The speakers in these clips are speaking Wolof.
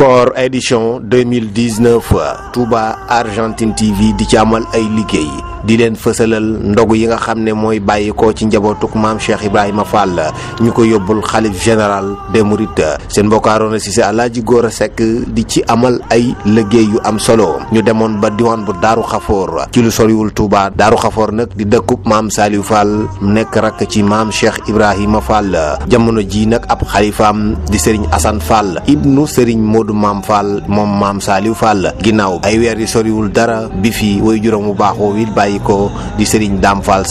Koor édition 2019 Touba Argentine TV di ci amal ay liggéey di leen fësalal ndogu yi nga xam ne mooy bàyyi ko ci njabootuk maam Cheikh Ibrahima Fall ñu ko yóbbul xalif général des Mourides seen mbokkaaroon si si Alaaji a sekk di ci amal ay liggéey yu am solo ñu demoon ba diwaan bu Daaru Xafoor ci lu soriwul Touba Daaru Xafoor nag di dëkkub maam Saliou mu nekk rakk ci maam Cheikh Ibrahima Fall jamono ji nag ab xalifaam di Serigne Assane Fall ibnu Serigne Modou Maam Fall moom maam Saliou Fall ginnaaw ay weer yi soriwul dara bi fi way juróom bu bàyyi ko di sëriñ Daam Fall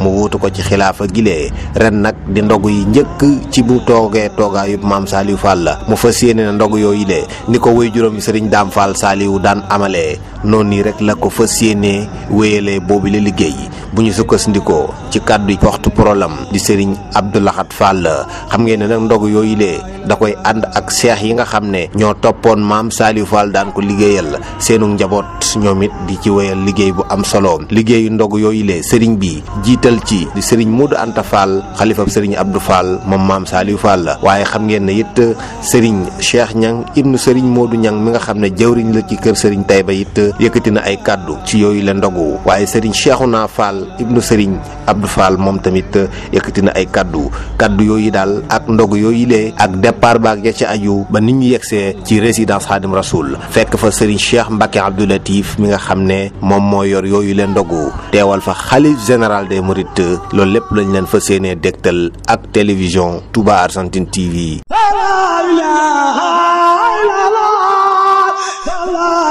mu wuutu ko ci xilaafa gilee ren nag di ndog yi njëkk ci bu toogee toogaayub maam Saaliwu Fall la mu fa yéene na ndog yooyu de ni ko wéy juróomi sëriñ Daam Fall Saaliwu daan amalee noon nii rek la ko fas yéenee wéyalee boobu la liggéey bu ñu sukkandikoo ci kàddu porte problème di Serigne Abdou Lahad Fall xam ngeen ne nag ndog yooyu lee da koy ànd ak seex yi nga xam ne ñoo toppoon maam Saliou Fall daan ko liggéeyal seenu njaboot ñoom it di ci wéyal liggéey bu am solo liggéeyu ndog yooyu lee Serigne bi jiital ci di Serigne Modou Anta Fall xalifab Serigne Abdou Fall moom maam Saliou Fall la waaye xam ngeen ne it Serigne Cheikh Niang ibnu Serigne Modou Niang mi nga xam ne jëwriñ la ci kër Serigne Taïba it yëkkati na ay kàddu ci yooyu la ndogu waaye sëriñ na Fall ibnu sëriñ Abdou Fall moom tamit euh, yëkkati na ay kàddu kàddu yooyu daal ak ndogu yooyu lee ak départ baak ya ci aju ba nit ñu yegsee ci résidence Khadim Rasoul fekk fa sëriñ Cheikh Mbacke Abdou Latif mi nga xam ne moom moo yor yooyu leen ndogu teewal fa xalif général de mourides loolu lépp lañ leen fa séenee dégtal ak télévision Touba Argentine TV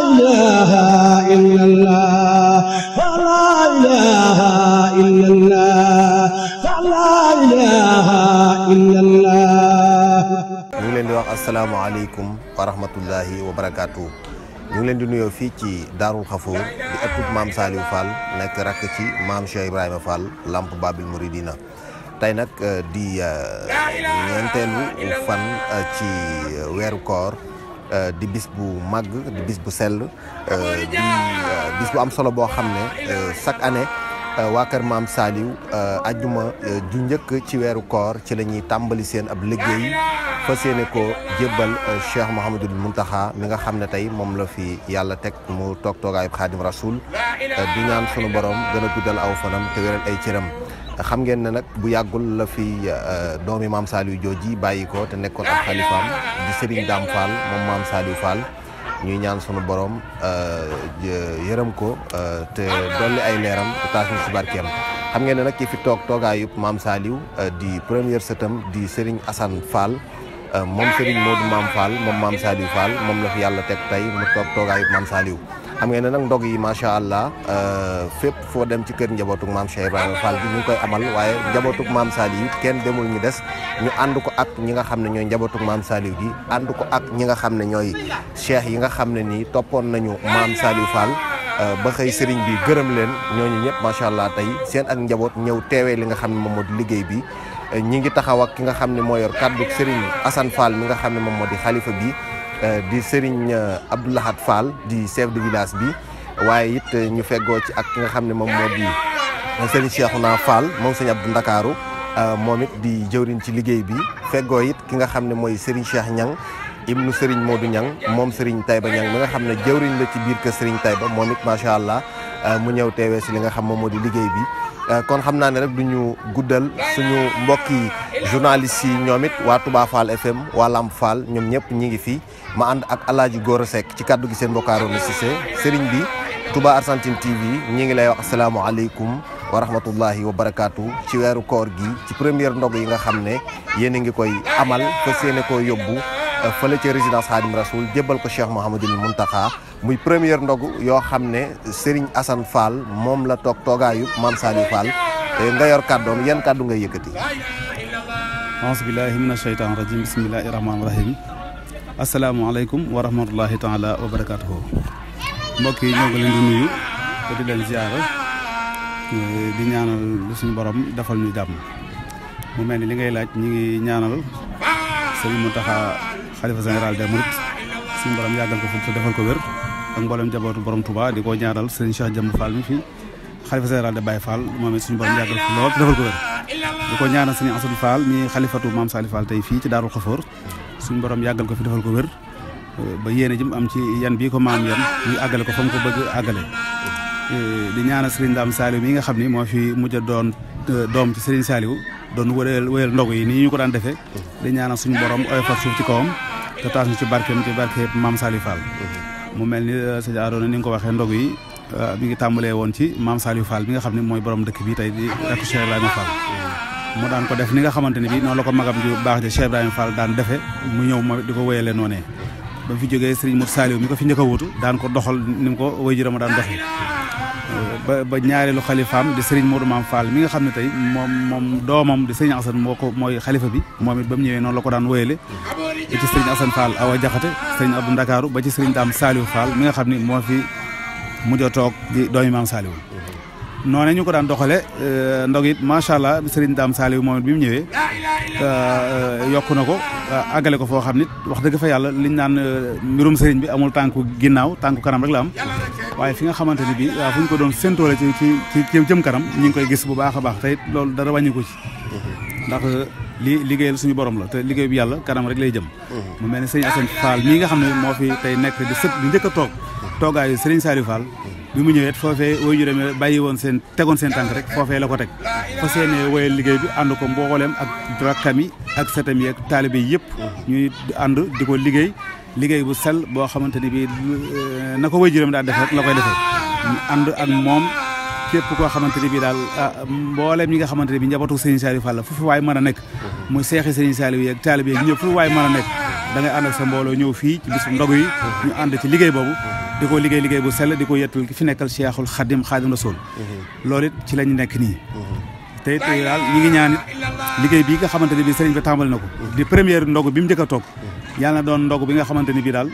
إله إلا الله فلا إله إلا الله فلا إله إلا الله ñu ngi leen di wax asalaamaaleykum wa rahmatullahi wa barakaatu ñu ngi leen di nuyoo fii ci Daarul Xafoor di ëttub maam Saliou Fall nekk rakk ci maam Cheikh Ibrahima Fall Lamp Babil Mouridina tey nag eh, di eh, ñeenteelu fan eh, ci weeru koor Euh, di bis bu màgg di bis bu sell euh, di euh, bis bu am solo boo xam ne chaque année waa kër maam Saliou ajjuma ju njëkk ci weeru koor ci la ñuy tàmbali seen ab liggéey fas yéene ko jébbal Cheikh Mouhamadul Mountakha mi nga xam ne tey moom la fi yàlla teg mu toog toogaayub xaadim rasoul du ñaan sunu borom gën a guddal aw fanam te wéral ay cëram xam ngeen ne nag bu yàggul la fi euh, doomi maam Saliou jooji bàyyi ko te nekkoon ak xalifaam di Serigne Dame Fall moom maam Saliou Fall ñuy ñaan sunu borom euh, yërëm ko euh, te dolli ay leeram te taas ñu si barkeem xam ngeen ne nag ki fi toog toogaayub maam Saliou di première setam di sëriñ Assane Fall moom Serigne Modou Maam Fall moom maam Saliou Fall moom la fi yàlla teg tey mu toog toogaayu maam saaliw xam ngeen ne nag ndog yi macha allah euh, fépp foo dem ci kër njabootuk maam Cheikh Ibrahima Fall bi ñu ngi koy amal waaye njabootuk maam yi kenn demul ñu des ñu ànd ko ak ñi nga xam ne ñooy njabootuk maam gi ànd ko ak ñi nga xam ne ñooy cheikh yi nga xam ne nii toppoon nañu maam Saliou Fall euh, ba xëy sëriñ bi gërëm leen ñooñu ñëpp macha allah tey seen ak njaboot ñëw teewee li nga xam ne moom moo di liggéey bi ñi ngi taxaw ak ki nga xam ne moo yor kàddu sëriñ Assane Fall mi nga xam ne moom moo di xalifa bi Euh, di Serigne euh, Abdou Lahad Fall di chef de village bi waaye it euh, ñu feggoo ci ak ki nga xam ne moom moo di Serigne naa Fall moom Serigne Abdou Ndakaaru moom it di jëwriñ ci liggéey bi feggoo it ki nga xam ne mooy Serigne Cheikh nu ibnu moo du Niang moom Serigne Taïba Niang mi nga xam ne jëwriñ la ci biir kër Serigne Taïba moom it macha allah mu ñëw teewee si li nga xam moom moo di liggéey bi. Euh, kon xam naa ne rek du ñu guddal suñu mbokki journalistes yi ñoom it waa Touba Fall FM waa Lamp Fall ñoom ñëpp ñi ngi fi ma ànd ak Alaaji Gora Seck ci kaddu gi seen mbokkaaroon Cissé sëriñ bi Touba Argentine TV ñi ngi lay wax asalaamualeykum wa rahmatullahi wa barakaatu ci weeru koor gi ci première ndog yi nga xam ne yéen a ngi koy amal fas yéene ko yóbbu fële ca résidence Khadim Rasoul jébbal ko Cheikh Mouhamadul Mountakha muy première ndogu yoo xam ne Serigne Assane Fall moom la toog toogaayu Mame Saliou Fall nga yor kàddoom yan kàddu ngay yëkkati. aùzu billaahi mina sheytaani bismillaahi rahmaani rahiim asalaamaaleykum wa rahmatullaahi taala wa barakaatuhu mbokk yi ñoo ngi di nuyu te di leen di ñaanal suñu borom defal ñu jàmm mu mel ni li ngay laaj ñu ngi ñaanal Serigne Mountakha. xalifa général de Mourides suñu borom yàggal ko fi defal ko wér ak mboolem njabootu borom Touba di ko ñaanal sëriñ Cheikh Jëmm Fall mi fii xalifa général de moom it suñu borom yàggal ko fi lool te ko wér di ko ñaanal sëriñ xalifatu maam Sali Fall tey fii ci Daarul Xafoor suñu borom yàggal ko fi defal ko wér ba yéene ji mu am ci yan bii ko maam yan ñu àggale ko fa mu ko bëgg àggale eh, di ñaanal sëriñ daam Saliou mi nga xam ni moo fi mujj doon eh, doom ci sëriñ Saliou doon wéyal wéyal ndogu yi nii ñu ko daan defee mhm. di ñaana suñu borom oyofal suuf ci kawam te taas ñu ci barkeem ci barke maam Sali faal mhm. mu mel ni euh, sëñ Aroona ni nga ko waxee ndogu yi euh, mi ngi tàmbalee woon ci maam Saliou Fall bi nga xam ne mooy borom dëkk bi tey di rakk Cheikh mhm. mu daan ko def ni nga xamante ne bi noonu la ko magam ju baax ja Cheikh Ibrahima Fall daan defe mu ñëw ma di ko wéyale noonee ba fi jógee Serigne Mour Saliou mi fi njëkk daan ko doxal ni mu ko wéy juram daan doxee ba ba ñaareelu xalifaam di sëriñ Modou Mame Fall mi nga xam ne tey moom moom doomam di sëriñ Assane moo ko mooy xalifa bi moom it ba mu ñëwee noonu la ko daan wéyale ba ci sëriñ Assane Fall Awa Jaxate sëriñ Abdou Ndakaaru ba ci sëriñ Dame Saliou Fall mi nga xam ni moo fi mujj a toog di doomi Mame noonee ñu ko daan doxale euh, ndox it macha allah Serigne daam Saliou moom it bi mu ñëwee euh, euh, yokku na ko àggale ko foo xam nit wax dëgg fa yàlla liñ naan mbirum Serigne bi amul tànku ginnaaw tànku kanam rek la am waaye fi nga xamante ni bii waaw fu ñu ko doon séntoole ci ci ci jëm kanam ñu ngi koy gis bu baax a baax tey it loolu dara wàññi ko ci ndax li liggéeyal suñu borom la te liggéey bi yàlla kanam rek lay jëm mu mel ne Serigne Assane Fall mii nga xam ne moo fi tey nekk di sët di njëkk a toog toogaayu Serigne Saliou bi mu ñëwee foofee way ñu demee bàyyi woon seen tegoon seen tànk rek foofee la ko teg fa seenee woyal liggéey bi ànd ko mbooleem ak rakkam yi ak setam yi ak taalibe yi yëpp ñuy ànd di ko liggéey liggéey bu sel boo xamante ni bii euh, na ko way juróom daal def rek koy defee ñu ànd ak moom képp koo xamante ni bii daal ah, mbooleem ñi nga xamante ni bii njabootu Serigne Saliou Fall fu fi waay mën a nekk mu seexi Serigne Saliou yeeg yëpp yeeg ñëpp fu waay mën a nekk da ngay ànd ak sa mbooloo ñëw fii ci bisu ndogu yi ñu ànd ci liggéey boobu di ko liggéey liggéey bu sell di ko yettul ki fi nekkal Cheikhul Khadim Khadim Rasoul mhm. loolu it ci lañ nekk nii mhm. te it daal ñi ngi ñaan liggéey bii nga xamante ne bii sëriñ bi tàmbali na ko di première ndog bi mu njëkk a toog yàlla na doon ndog bi nga xamante ne bii daal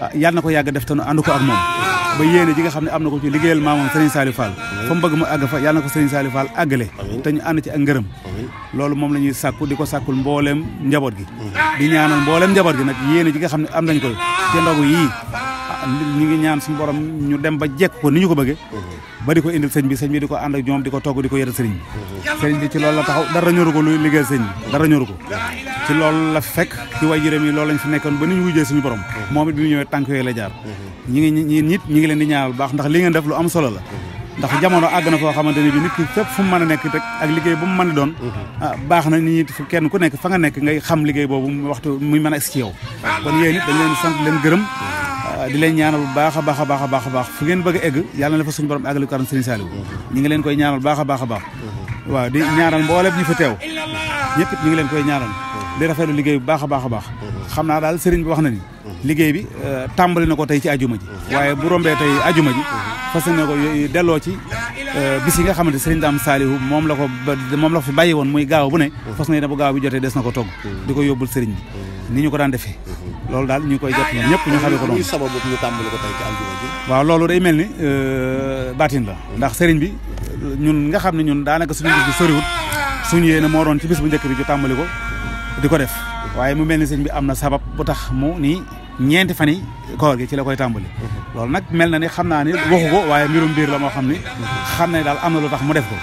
ah, yàlla na ko yàgg def te nu ànd ko ak moom ba yéene ji nga xam ne am na ko ci liggéeyal maamam sëriñ Saliou Fall fa mu bëgg mu àgg fa yàlla na ko sëriñ Saliou Fall àggale te ñu ànd ci ak ngërëm loolu moom la ñuy di ko sàkkul mbooleem njaboot gi mm. di ñaanal mbooleem njaboot gi nag yéene ji nga xam ne am nañ ko ci ndogu yii ñu ngi ñaan suñu borom ñu dem ba jekk ko ni ñu ko bëggee mhm. ba di ko indil sëñ bi sëñ bi di ko ànd ak ñoom di ko togg di ko yëral sëriñ bi mhm. sëriñ bi ci loolu la taxaw dara ñoru ko luy liggéey sëñ bi dara ñoru ko ci loolu la fekk ci way jërëm yi loolu lañ fi nekkoon ba ni ñu wujjee suñu borom mhm. moom it bi mu ñëwee tànk yooyu la jaar ñi ngi ñi nit ñi ngi leen di ñaanal baax ndax li ngeen def lu am solo la ndax jamono àgg na foo xamante ne bi nit ki fépp fu mu mën a nekk rek ak liggéey bu mu mën a doon ah, baax na nit ñi kenn ku nekk fa nga nekk ngay xam liggéey boobu waxtu muy mën a agsi ci yow kon yéen it dañ leen sant leen gërëm di leen ñaanal bu baax a baax a baax a baax a baax fu ngeen bëgg a egg yàlla na fa suñu borom àggale karam Serigne Saliou ñi ngi leen koy ñaanal baax a baax baax waaw di ñaanal mboolem ñi fa teew ñëpp ñu ngi leen koy ñaanal di rafetlu liggéey bu baax a baax a baax xam naa daal Serigne bi wax na ni liggéey bi euh, tàmbali na ko tey ci ajuma ji waaye bu rombee tey ajuma ji fas na ko delloo ci euh, bis yi nga xamante Serigne Dame Saliou moom la ko moom la ko fi bàyyi woon muy gaaw bu ne fas na bu gaaw bi jotee des na ko togg di ko yóbbul Serigne bi ni ñu ko daan defee loolu daal ñu koy jot ñëpp ñu xamee ko noonu. Ah, sababu ñu tàmbali ko tey ci aljuma ji. waaw loolu day mel ni euh, baatin la ndax sëriñ bi ñun nga xam ne ñun daanaka suñu bis bi soriwut suñu yéene moo doon ci bis bu njëkk bi ñu tàmbali ko di ko def waaye mu mel ni sëriñ bi am na sabab bu tax mu nii ñeenti fan yi koor gi ci la koy tàmbali loolu nag mel na ni xam naa ni waxu ko waaye mbirum biir la moo xam ni xam na ni daal am na lu tax mu def ko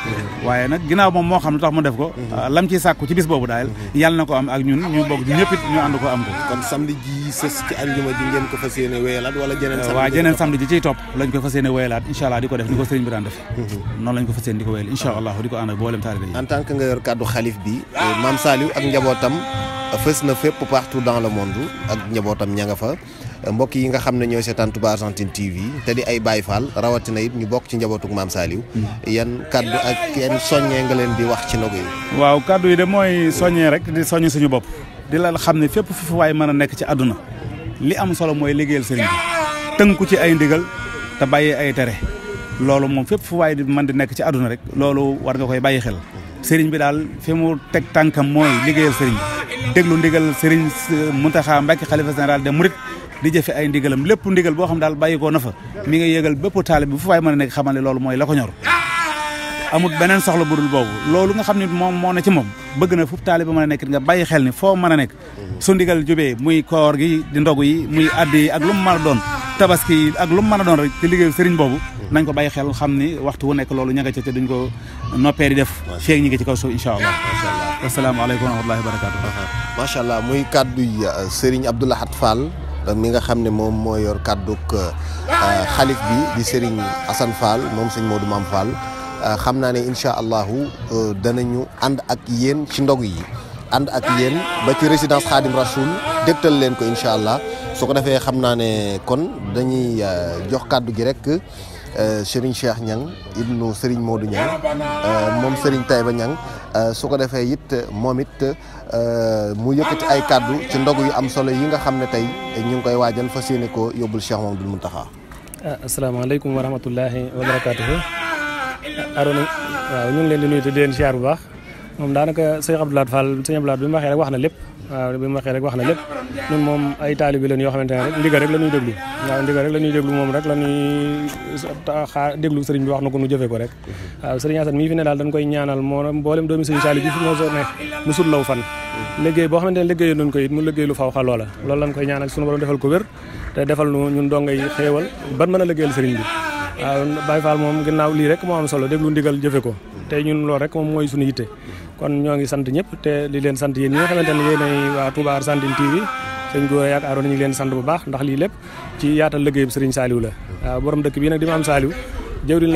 waaye nag moo xam lu tax mu def ko mhm. lam ciy mhm. na ko am ak ñun ñu bokk ñëpp it ñu ànd ko am ko kon samedi ji sës ci àjjuma ji ko fas yéene wéyalaat wala jeneen waaw jeneen samedi lañ ko fas yéene wéyalaat incha allah di ko def ni ko sëriñ bi daan def mhm. noonu lañ ko fas yéene di ko wéyal incha allah di ko ànd ak boolem taalibe yi en tant que nga yor kàddu xalif bi eh, fës na fépp partout dans le monde ak njabootam ña nga fa mbokk yi nga xam ne ñooy seetaan Touba Argentine TV te di ay Baye Fall rawatina it ñu bokk ci njabootuk maam Saliou. Mm. yan kaddu ak yan soññee nga leen di wax ci ndogu yi. waaw kaddu yi de mooy soññee rek di soññ suñu bopp. di la xam ne fépp fu waay mën a nekk ci àdduna li am solo mooy liggéeyal sëriñ bi tënku ci ay ndigal te bàyyi ay tere loolu moom fépp fu waay di mën di nekk ci àdduna rek loolu war nga koy bàyyi xel. sëriñ bi daal fi mu teg tànkam mooy liggéeyal sëriñ bi déglu ndigal Serigne Mountakha Mbacké xalifa général de Mouride di jëfe ay ndigalam lépp ndigal boo xam daal bàyyi koo na fa mi ngi yëgal bépp taalib bi fu waay mën a ne loolu mooy la ko ñor amul beneen soxla bu dul boobu loolu nga xam ne moom moo na ci moom bëgg na foofu taaliba mën a nekk nga bàyyi xel ni foo mën a nekk su ndigal jubee muy koor gi di ndogu yi muy addi ak lu mu mën doon tabaski ak lu mu mën doon rek ci liggéeyu sëriñ boobu nañ ko bàyyi xel xam ni waxtu wu nekk loolu ña nga ca duñ ko noppee di def feeg ñi ngi ci kaw suuf incha allah asalaamaaleykum wa rahmatullahi allah muy kàddu yi euh, sëriñ Abdou Lahad Fall euh, mi nga xam ne moom moo yor kàdduk euh, xalif bi di sëriñ Assane Fall moom sëñ Modou Mame Fall xam naa ne incha allahu danañu ànd ak yéen ci ndog yi ànd ak yéen ba ci résidence Khadim Rasoul dégtal leen ko incha allah su ko defee xam naa ne kon dañuy euh, jox kàddu gi rek euh, Serigne Cheikh Niang ibnu Serigne Modou Niang euh, moom Serigne Taïba Niang su ko defee it moom it mu yëkkati ay kàddu ci ndogu yu am solo yi nga xam ne tey ñu ngi koy waajal fas yéene ko yóbbul Cheikh Mamadou Mountakha. Ah, asalaamaaleykum wa rahmatullahi wa barakaatuhu. Arona waaw ñu ngi leen di nuyu di leen ziar bu baax. moom daanaka sëñ Abdou Lahad Fall sëñ Abdou Lahad bi mu na lépp waaw bi mu waxee rek wax na lépp ñun moom ay taalibe lañ yoo xamante ne rek ndigal la ñuy déglu waaw ndigal rek la ñuy déglu moom rek la ñuy xaar déglu sëriñ bi wax na ko nu jëfee ko rek waaw sëriñ Assane mii fi ne koy ñaanal moo mboolem doomi sëriñ Saliou bi fi moo soo ne musul law boo xamante ne liggéey nañ ko mu liggéey lu faw xa loola loolu lañ koy ñaanal suñu borom defal ko wér te defal nu ñun dongay xéewal ban mën a liggéeyal sëriñ bi waaw Baye Fall moom ginnaaw lii rek moo am solo déglu ndigal jëfe ko tey ñun loolu rek moom mooy suñu yitte kon ñoo ngi sant ñëpp te li leen sant yéen ñi nga xamante ne yéenay waa Touba Argentine TV sëñ Gora yaak Aaron ñu ngi leen sant bu baax ndax lii lépp ci yaatal liggéey bi Serigne la waaw borom dëkk bii nag di ma am Saliou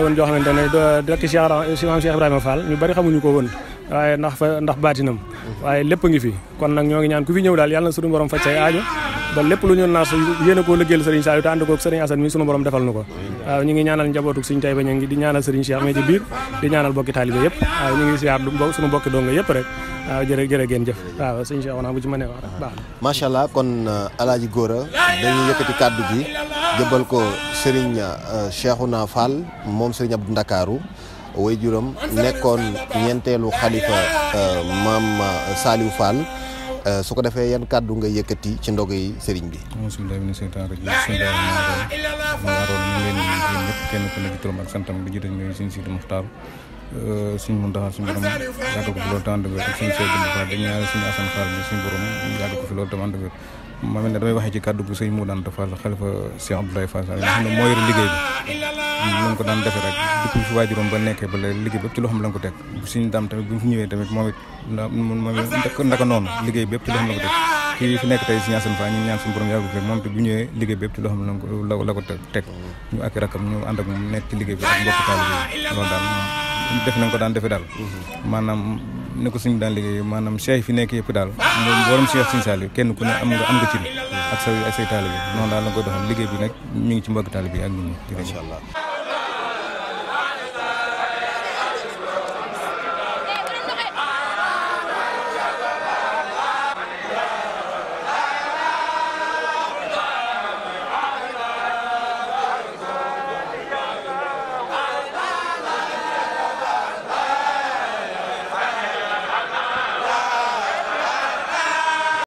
woon joo xamante ne direct ci Maam ko woon waaye ndax fa ndax baatinam waaye lépp ngi fi kon aajo ba lépp lu ñu naan yéen a koo liggéeyal Serigne borom defal nu ko waaw ñu ngi ñaanal njabootuk suñu Taïba Niang ngi di ñaanal Serigne Cheikh mais ci biir di ñaanal bokki taalibe yëpp waaw ñu ngi siyaar suñu bokki donga yëpp rek waaw jër jërë ngeen jëf waaw Serigne Cheikh wonaa bu ci mënee wax rek baax macha allah kon euh, alaaji Gora dañuy yëkkati kàddu gi jëbal ko Serigne euh, Cheikhouna Fall moom Serigne Abdou Ndakaaru way juram nekkoon ñeenteelu xalifa euh, maam Saliou Fall Euh, su ko defee yan kàddu nga yëkkati ci ndogu yi sëriñ bi bismillahi mina seytaan rajim leen ñëpp kenn ku nekk turam ak santam di jiite ñooy suñ Sidi Muxtaar euh, suñ mun daxaar suñ borom yàgg ko fi loolu te ànd ak suñ seeg dañu ñaan suñu asan xaar bi suñ borom yàgg ko fi loolu te ma mel ne damay waxee ci kàddu gu sëñ mu daan defal xalifa Cheikh Abdoulaye Fall nga xam ne moo yor liggéey bi ñu ko daan defee rek depuis fi waajuróom ba nekkee ba léegi liggéey bépp ci loxoom la nga ko teg suñu daam tamit bu ñu fi ñëwee tamit moom it moom it ndaka noonu liggéey bépp ci loxoom la ko teg kii fi nekk tey si ñaan seen fa ñu ñaan suñu borom yàggu rek moom te bu ñëwee liggéey bépp ci loxoom la ko la la ko teg ñu ak rakam ñu ànd ak moom nekk ci liggéey bi ak mbokk taal bi loolu daal def nañ ko daan defee daal mm-hmm. maanaam ni ko suñ daan liggéey maanaam cheikh fi nekk yëpp daal borom cheikh suñu Saliou kenn ku ne am nga am nga ci ak say ak say taalibe noonu daal la ko doxal liggéey bi nag ñu ngi ci mbokk taalibe yi ak nit ñi. Allah.